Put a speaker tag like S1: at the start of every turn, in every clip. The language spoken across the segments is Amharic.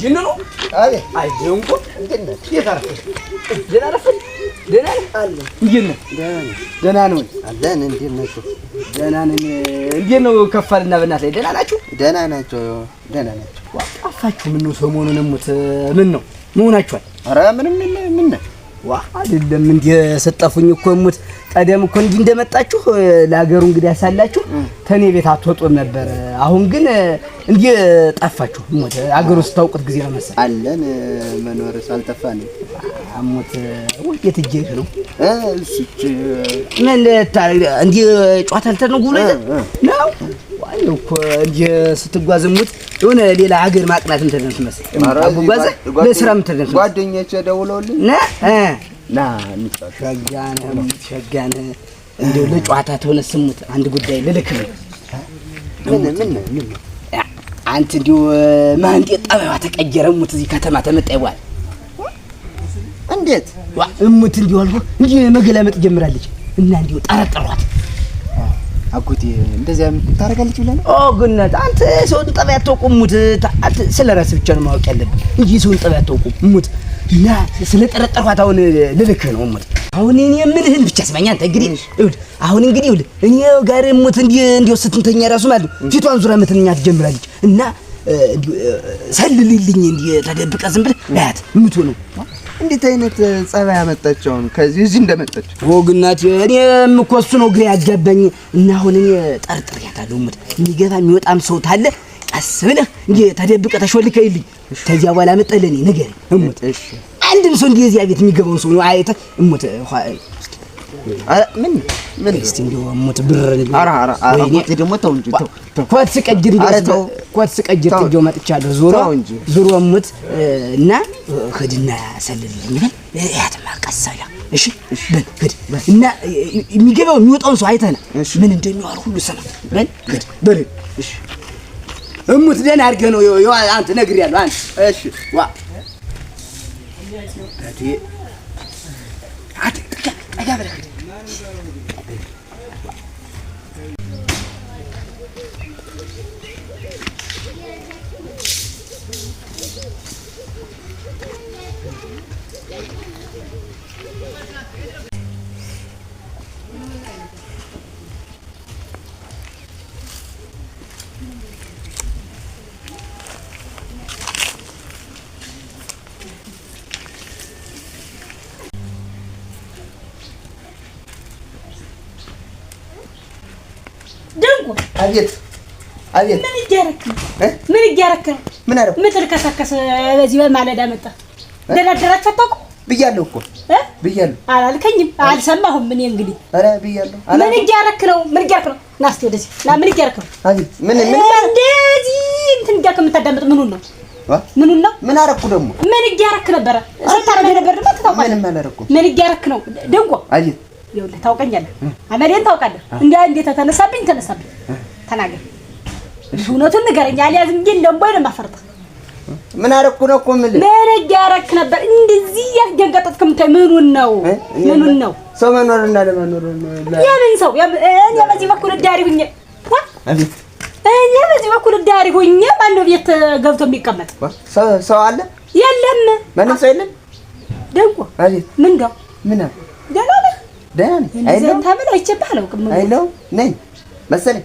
S1: ጅን ነው። አይ ድንቁ እንዴት አረፈድሽ? ደህና ነው አለን። እንዴት ናችሁ? ደህና ነን። እንዴት ነው ከፋልና በእናትህ ደህና ናችሁ? ደህና ናቸው። ደህና ናቸው። ጠፋችሁ። ምነው ሰሞኑን ሙት ምን ነው መሆናችኋል? ኧረ ምንም ምን ነው ዋ አይደለም እንደ ሰጠፉኝ እኮ ሙት ቀደም እኮ እንዲህ እንደመጣችሁ ለሀገሩ እንግዲህ ያሳላችሁ ከኔ ቤት አትወጡም ነበር። አሁን ግን እንዲህ ጠፋችሁ። ሞት አገሩ ስታውቁት ጊዜ ነው መሰለኝ አለን መኖር ሳልጠፋን አሞት ወዴት እጄሽ ነው እሱች ምን እንዲህ ጨዋታ አልተነጉ ብሎ ነው እኮ እንዲህ ስትጓዝ ሙት የሆነ ሌላ ሀገር ማቅናት እንትን ነው ትመስል አቡጓዘ ለስራ እንትን ነው ጓደኞቼ ደውለውልኝ ና ና ሸጋነህ ሸጋነህ እንደው ለጨዋታ ተሆነ ስሙት አንድ ጉዳይ ልልክ ነው ምን ምን ምን አንተ እንዲሁ ማን እንዴት ተቀየረ ሙት እዚህ ከተማ ተመጣ ይዋል እንዴት እሙት እንዲሁ አልኩ እንዲህ መገላመጥ ጀምራለች እና እንዲሁ ጠረጠሯት አጎቴ እንደዚያ ታደርጋለች ብለህ ነው? ኦ ግነት አንተ ሰውን ጠባይ አታውቁም። ሙት አንተ ስለ ራስ ብቻ ነው ማወቅ ያለብህ እንጂ ሰውን ጠባይ አታውቁም። ሙት እና ስለ ጠረጠርኳት አሁን ልልክህ ነው። ሙት አሁን እኔ የምልህን ብቻ ስማኝ። አንተ እንግዲህ ይኸውልህ አሁን እንግዲህ ይኸውልህ እኔ ጋር ሙት እንዲህ እንዲያው ስትንተኛ ራሱ ማለት ፊቷን ዙራ መተኛ ትጀምራለች እና ሰልልልኝ እንዲህ ተደብቀህ ዝም ብለህ አያት ነው እንዴት አይነት ጸባይ ያመጣቸውን ከዚህ እዚህ እንደመጣች ወግናት እኔ እኮ ነው ግሬ ያጋባኝ። እና አሁን እኔ ያታለሁ ሙት የሚገባ የሚወጣም ሰው ታለ ቀስ ብለህ እንዴ ተደብቀ ተሾልከይልኝ ይልኝ ከዚያ በኋላ መጠለኔ ነገር እሙት አንድም ሰው እንዲህ እዚያ ቤት የሚገባውን ሰው ነው አይተህ እሙት ምን ምን እስቲ እንደው አሞት ብር ኮት ስቀጅር ኮት ስቀጅር ጥጆ መጥቻለሁ። ዞሮ ዞሮ አሞት እና ሂድና ሰልልኝ ይበል ያትማ ቀሰላ እሺ በል ሂድ እና የሚገባው የሚወጣውን ሰው አይተህ ምን እንደሚያወሩ ሁሉ ስማ በል ሂድ በል እሺ እሙት ደህና አድርገህ ነው አንተ ነግሬያለሁ። አንተ እሺ ዋ Dobra. Thank you. አቤት
S2: አቤት። ምን እያደረክ ነው? ምን እያደረክ ነው? ምን አደረኩ? የምትልከሰከስ በዚህ በማለዳ መጣ ደራደራችሁ አታውቁም ብያለሁ እኮ ብያለሁ። አላልከኝም? አልሰማሁም። እኔ እንግዲህ ኧረ ብያለሁ። ምን እያደረክ ነው? ምን እያደረክ ነው? ና እስኪ ወደዚህ ና። ምን እያደረክ ነው? አቤት። ምን ምን እንደዚህ እንትን እያልክ የምታዳምጥ ምኑን ነው?
S1: ምኑን ነው? ምን አረኩ ደግሞ? ምን
S2: እያደረክ ነበረ? ስታደርግ ነበር ደግሞ
S1: ታውቃለህ። ምን አላደረኩም።
S2: ምን እያደረክ ነው? ደንጎ? አቤት። ይኸውልህ ታውቀኛለህ፣ አመሌን ታውቃለህ። እንደ እንዴት ተነሳብኝ ተነሳብኝ ተናገር፣ እውነቱን ንገረኝ። አልያ ዝም ብዬ እንደ ነው የማፈርጥህ።
S1: ምን አደረኩ ነው እኮ የምልህ። ምን
S2: ያደረክ ነበር እንደዚህ ያስደንገጠጥክ። የምታይ ምኑን ነው ምኑን ነው
S1: ሰው መኖር እና ለመኖር የምን
S2: ሰው እኔ በዚህ በኩል እዳሪ ሁኜ እኔ በዚህ በኩል እዳሪ ሁኜ ማነው ቤት ገብቶ የሚቀመጥ ሰው አለ? የለም፣ ምንም ሰው የለም። ደንቆ ምን ደው ምን ደህና ነህ? ደህና ነኝ። አይዘን ታምን አይቼብህ አላውቅም።
S1: አይ ነኝ መሰለኝ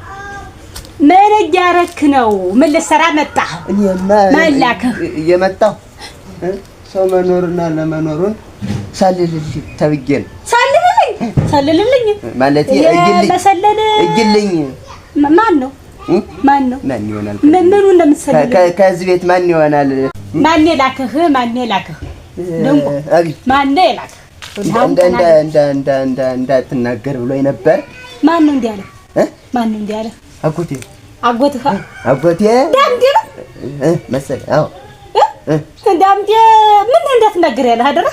S2: ምን እያረክ ነው? ምን ልትሰራ መጣህ? መላክህ
S1: እየመጣሁ ሰው መኖርና ለመኖሩን ሳልልልኝ ተብዬ ነው።
S2: ሳልልልኝ ሳልልልኝ ማለት እግልኝ ማን ነው? ማን ነው? ማን ይሆናል? ምኑን እንደምትሰልል
S1: ከዚህ ቤት ማን ይሆናል?
S2: ማን የላክህ? ማን የላክህ? ማን የላክህ?
S1: እንዳትናገር ብሎኝ ነበር።
S2: ማን ነው እንዲህ አለህ? ማን ነው እንዲህ አለህ? አጎቴ አጎትህ አጎቴ ዳምጤ
S1: ነው
S2: አዎ ዳምጤ ምን እንዳትናገር ያለህ አደራ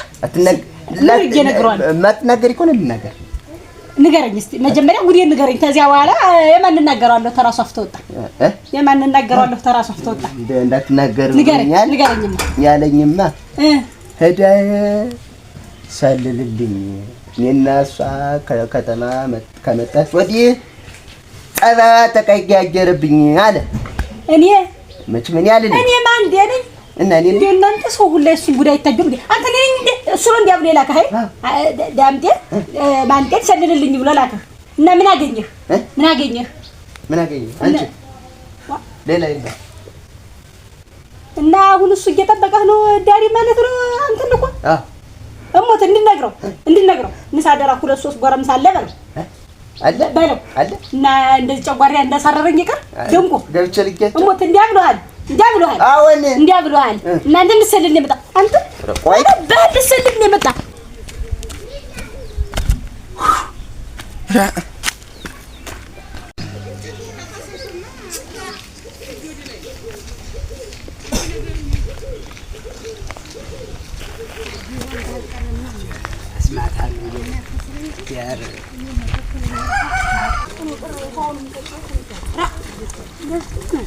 S1: ማትናገሪ ከሆነ ልናገር።
S2: ንገረኝ እስኪ መጀመሪያ ጉዴን ንገረኝ። ከዚያ በኋላ የማን እናገረዋለሁ? ተራሱ አፍተወጣ የማን እናገረዋለሁ? ተራሱ አፍተወጣ
S1: እንዳትናገር ንገረኝ። ያለኝማ ሄዳ ሰልልልኝ እኔና እሷ ከከተማ ከመጣች ወዲህ ጠባ ተቀያየረብኝ አለ። እኔ መቼም እኔ አለ እኔ ማን እንደ እና እኔ እንደ እናንተ
S2: ሰው ሁላ እሱን ጉዳይ ይታደሩ አንተ ነኝ እንደ እሱ ነው እንዲያብሎ የላከህ ዳምጤ ማንጤ ሰልልልኝ ብሎ ላከህ እና ምን አገኘህ? ምን አገኘህ?
S1: ምን አገኘህ? አንቺ ሌላ ይባ
S2: እና አሁን እሱ እየጠበቀህ ነው ዳሪ ማለት ነው። አንተን እኮ እሞት እንድነግረው እንድነግረው ምሳ ደራ ሁለት ሶስት ጎረምሳ አለ በለው አለ በለው አለ እና እንደዚህ ጨጓራ እንዳሳረረኝ ይቀር ደምቆ ገብቼ ልጌት እሞት እንዲያ ብሎሃል እንዲያ ብሎሃል።
S1: አዎን እንዲያ
S2: ብሎሃል። እና አንተ ልትሰልል የመጣ አንተ ቆይ በህል ልትሰልል የመጣ አትጅንጉ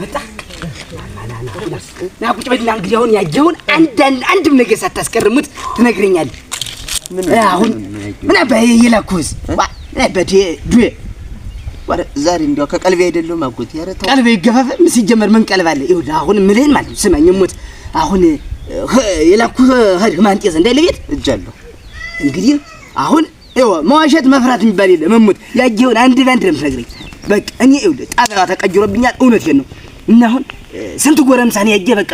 S2: መጣ ና ቁጭ በልና እንግዲህ አሁን ያየኸውን አንድም ነገር ሳታስቀርሙት ትነግረኛለህ። አሁን ምን አባ የላኩስ ምን አባ ዱዌ
S1: ዛሬ እንዲያው ከቀልቤ አይደለም አጎቴ። ኧረ ተው
S2: ቀልቤ ይገፋፈል። ሲጀመር ምን ቀልብ አለ? ይኸውልህ አሁን ምልህን ማለት ስማኝ እሞት አሁን የላኩህ ሄድህ ማንጤዝ እንዳይለ ቤት እጃለሁ። እንግዲህ አሁን ይኸው መዋሸት መፍራት የሚባል የለም። እሞት ያየኸውን አንድ ባንድ ነው የምትነግረኝ። በቃ እኔ ይኸውልህ ጣጣዋ ተቀይሮብኛል። እውነቴን ነው። እና አሁን ስንት ጎረምሳን ያየ በቃ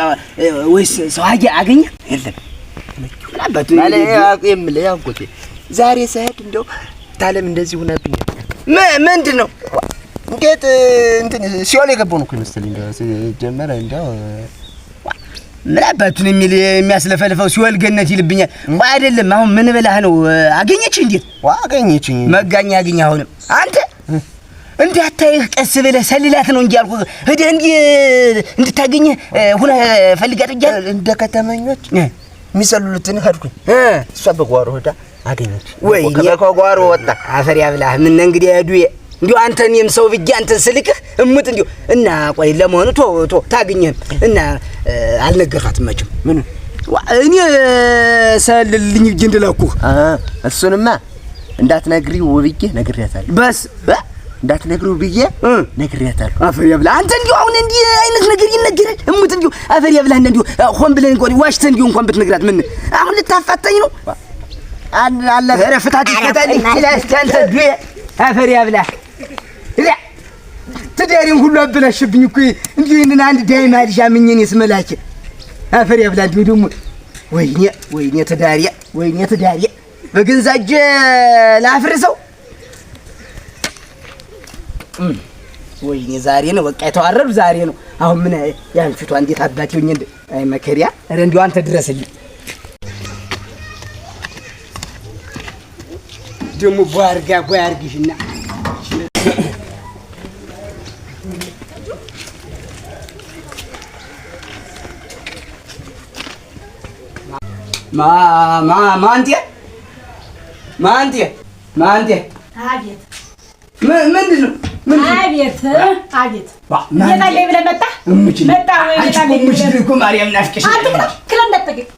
S2: ወይስ ሰው አየ አገኘ የለም
S1: ማለት የምልህ ያንቆቴ ዛሬ ስሄድ እንደው ታለም እንደዚህ ሆነብኛል ምንድን ነው እንዴት እንትን ሲሆን የገባው ነው እኮ ይመስለኝ። ጀመረ እንዲያው
S2: ምን አባቱን የሚል የሚያስለፈልፈው ሲወል ገነት ይልብኛል። አይደለም አሁን ምን በላህ ነው? አገኘች እንዴት
S1: አገኘችኝ? መጋኛ
S2: አገኘ። አሁንም አንተ እንዳታይህ ቀስ ብለህ ሰልላት ነው እንጂ አልኩህ። ሂደህ እንድታገኘህ ሁነህ ፈልጋት እያለ እንደ
S1: ከተመኞች የሚሰልሉትን ሄድኩኝ። እሷ በጓሮ ሄዳ አገኘች
S2: ወይ እኔ ከጓሮ ወጣ አፈር ያብላህ። ምን እንግዲህ ያዱዬ እንዲሁ አንተ እኔም ሰው ብዬ አንተን ስልክህ እሙጥ እንዲሁ እና ቆይ ለመሆኑ ቶ ቶ ታገኘህም እና አልነገርካትም መቼም ምን እኔ ሰልልኝ ብዬ እንድላኩህ
S1: እሱንማ እንዳትነግሪው ብዬ ነግሬያታለሁ። በስ እንዳትነግሪው ብዬ ነግሬያታለሁ። አፈር ያብላህ
S2: አንተ እንዲሁ አሁን እንዲህ አይነት ነገር ይነገራል? እሙጥ እንዲሁ አፈር ያብላህ እንዲሁ ሆን ብለን እንኳን ዋሽተህ እንዲሁ እንኳን ብትነግራት ምን አሁን ልታፋታኝ ነው? አፈር ያብላህ። ትዳሪን ሁሉ አበላሽብኝ እኮ እንዲሁ ይህንን አንድ ዳይማ ልጅ አምኜን የስመላችን አፈር ያብላህ። እንዲሁ ደግሞ ወይኔ ወይኔ ትዳሪ ወይኔ ትዳሪ በገዛ እጄ ላፍር ወይኔ ዛሬ ነው በቃ የተዋረዱ ዛሬ ነው። አሁን ምን ያንቺቷ እንዴት አባቴ ሆኜ አይ መከሪያ ኧረ እንዲሁ አንተ ድረስልኝ ደግሞ ቧርጋ ቧርግሽና
S1: ማንቴ ማንቴ ማንቴ አቤት። ምንድን ነው?
S2: አቤት አቤት። እየታለኝ ብለህ መጣህ መጣህ ወይ?
S1: እየታለኝ እኮ ማርያም
S2: ናፍቀሽኝ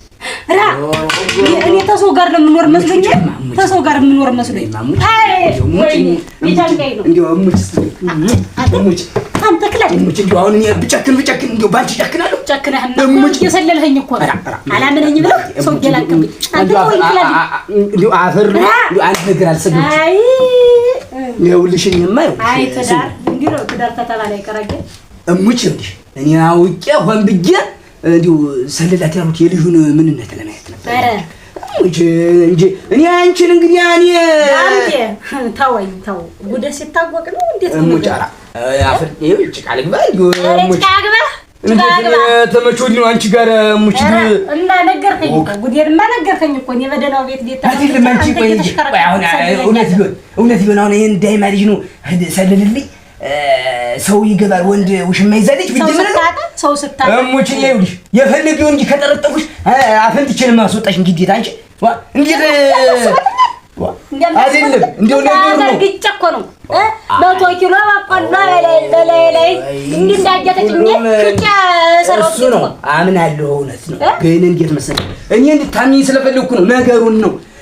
S2: እኔ ተሰው ጋር ነው መስሎኝ፣ ተሰው ጋር የምኖር መስሎኝ። አንተ ክላል አሁን ብጨክን ብጨክን እንደው ባንቺ ጨክናለሁ። የሰለልኸኝ እኮ አላመነኝ ብለህ ሰው እየላከብኝ አንተ አፈር አንድ ነገር ይኸውልሽኝማ ትዳር ከተባለ አይቀር እሙች እኔ አውቄ ሆን ብዬ እንዲሁ ሰለላት ያሉት የልጁን ምንነት ለማየት ነበር እንጂ እኔ አንቺን እንግዲህ እኔ ተወኝ ተው። ጉደ ሲታወቅ ነው እንዴት ነው ሙጫራ አፍር ጭቃ ልግባ ጭቃ ግባ ተመቾኝ ነው አንቺ ጋር ሙች እና ነገርከኝ እኮ ጉዴን እና ነገርከኝ እኮ እኔ በደህናው ቤት ቤት አይደለም አንቺ ቆይ አሁን እውነት ቢሆን እውነት ቢሆን አሁን ይሄን ዳይማ ልጅ ነው ሰልልልኝ ሰው ይገባል። ወንድ ውሽማ ይዛለች ብትጀምረው ሰው ስታጣ እሙች ይኸውልሽ የፈለገው እንጂ ከጠረጠኩሽ አፈንትችን ማስወጣሽ ግዴታ አንቺ እንዴት አይደለም እንደው ነገር ነው ግጭ እኮ ነው። መቶ ኪሎ ባቆላ ላይ ላይ እንዲህ እንዳጃተችኝ ግጭ ሰራው ነው አምናለሁ። እውነት ነው ግን እንዴት መሰለኝ እኔ እንድታምኚኝ ስለፈለግኩ ነው ነገሩን ነው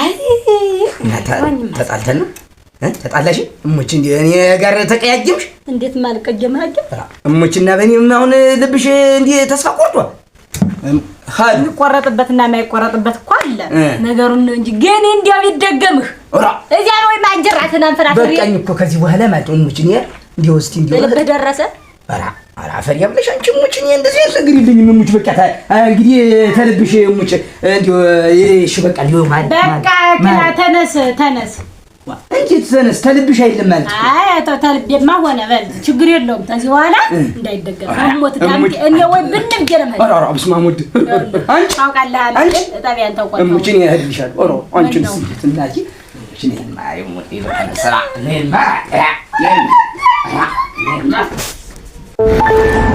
S2: አይ ተጣልተን ነው ተጣላሽ? እሞች እኔ ጋር ተቀያየምሽ? እንዴት ማልቀየም ሀጀ እሞችና በእኔም አሁን ልብሽ እንዲህ ተስፋ ቆርጧል። የሚቆረጥበትና የማይቆረጥበት እኮ አለ ነገሩን እንጂ ግን እንዲያው ይደገምህ እዚያ ነው ወይም አንጀራትን አንፈናፍሬ በቃኝ እኮ ከዚህ በኋላ ማለት እሞች እኔ እንዲህ ወስቲ እንዲህ ልብህ ደረሰ አፈር ያብለሽ አንቺ ሙጭ። ነኝ እንደዚህ አይነት ነገር ሙጭ በቃ እንግዲህ ተልብሽ ሙጭ። እንዲሁ እሺ በቃ እንዲሁ ማለት በቃ ተነስ ተነስ። እንዴት ተነስ? ተልብሽ አይደለም ማለት አይ፣ አቶ ተልቤማ ሆነ በል ችግር የለውም። ከዚህ በኋላ እንዳይደገም አሞት ታምቂ እኔ ወይ ብንም ገረም አይደል? ኧረ አብስማ ሙድ አንቺ ታውቃለህ። አንቺ ታቢያን ታውቃለህ። ሙጭ ነኝ ያድልሻል። ኧረ አንቺ ነው ትናጂ ሙጭ ነኝ ማይ ሙጭ ነው ስራ ነው ማ Thank you.